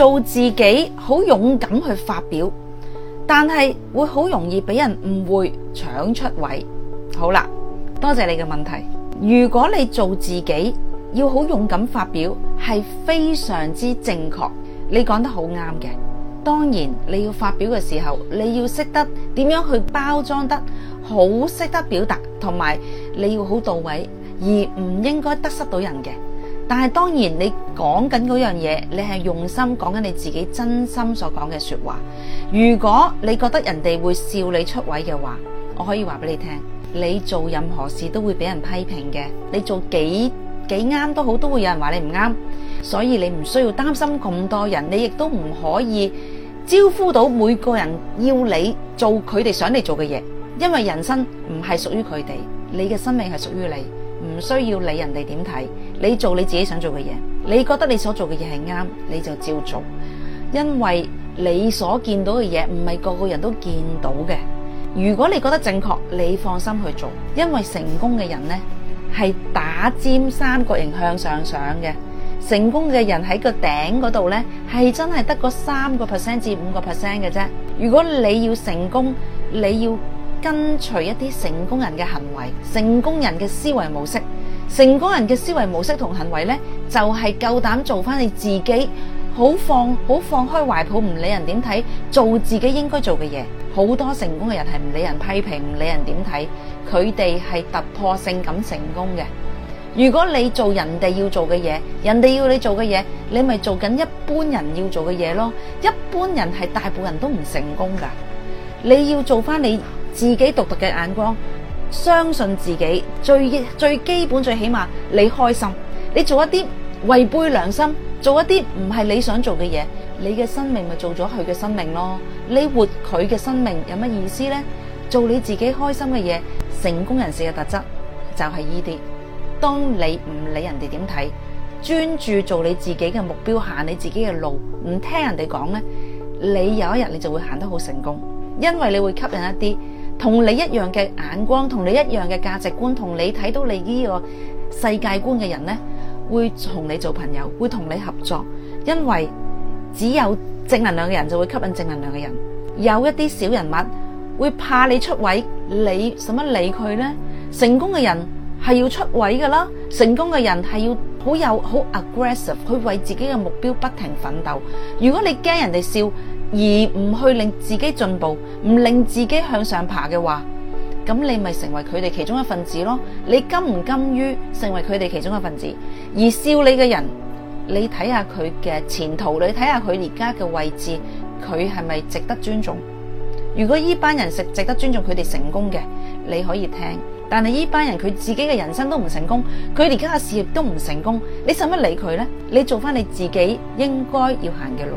做自己好勇敢去發表，但係會好容易俾人誤會搶出位。好啦，多謝你嘅問題。如果你做自己要好勇敢發表，係非常之正確。你講得好啱嘅。當然你要發表嘅時候，你要識得點樣去包裝得好，識得表達，同埋你要好到位，而唔應該得失到人嘅。但係當然你那，你講緊嗰樣嘢，你係用心講緊你自己真心所講嘅說話。如果你覺得人哋會笑你出位嘅話，我可以話俾你聽，你做任何事都會俾人批評嘅。你做幾幾啱都好，都會有人話你唔啱。所以你唔需要擔心咁多人，你亦都唔可以招呼到每個人要你做佢哋想你做嘅嘢，因為人生唔係屬於佢哋，你嘅生命係屬於你。唔需要理人哋點睇，你做你自己想做嘅嘢，你覺得你所做嘅嘢係啱，你就照做，因為你所見到嘅嘢唔係個個人都見到嘅。如果你覺得正確，你放心去做，因為成功嘅人咧係打尖三角形向上上嘅，成功嘅人喺個頂嗰度咧係真係得嗰三個 percent 至五個 percent 嘅啫。如果你要成功，你要。跟隨一啲成功人嘅行為，成功人嘅思維模式，成功人嘅思維模式同行為呢，就係夠膽做翻你自己，好放好放開懷抱，唔理人點睇，做自己應該做嘅嘢。好多成功嘅人係唔理人批評，唔理人點睇，佢哋係突破性咁成功嘅。如果你做人哋要做嘅嘢，人哋要你做嘅嘢，你咪做緊一般人要做嘅嘢咯。一般人係大部分人都唔成功噶，你要做翻你。自己獨特嘅眼光，相信自己最最基本，最起碼你開心，你做一啲違背良心，做一啲唔係你想做嘅嘢，你嘅生命咪做咗佢嘅生命咯。你活佢嘅生命有乜意思咧？做你自己開心嘅嘢，成功人士嘅特質就係呢啲。當你唔理人哋點睇，專注做你自己嘅目標，行你自己嘅路，唔聽人哋講咧，你有一日你就會行得好成功，因為你會吸引一啲。同你一樣嘅眼光，同你一樣嘅價值觀，同你睇到你呢個世界觀嘅人呢，會同你做朋友，會同你合作，因為只有正能量嘅人就會吸引正能量嘅人。有一啲小人物會怕你出位，你使乜理佢呢？成功嘅人係要出位㗎啦，成功嘅人係要好有好 aggressive 去為自己嘅目標不停奮鬥。如果你驚人哋笑，而唔去令自己進步，唔令自己向上爬嘅話，咁你咪成為佢哋其中一份子咯。你甘唔甘於成為佢哋其中一份子？而笑你嘅人，你睇下佢嘅前途，你睇下佢而家嘅位置，佢係咪值得尊重？如果呢班人值得尊重，佢哋成功嘅，你可以聽；但係呢班人佢自己嘅人生都唔成功，佢而家嘅事業都唔成功，你使乜理佢呢？你做翻你自己應該要行嘅路。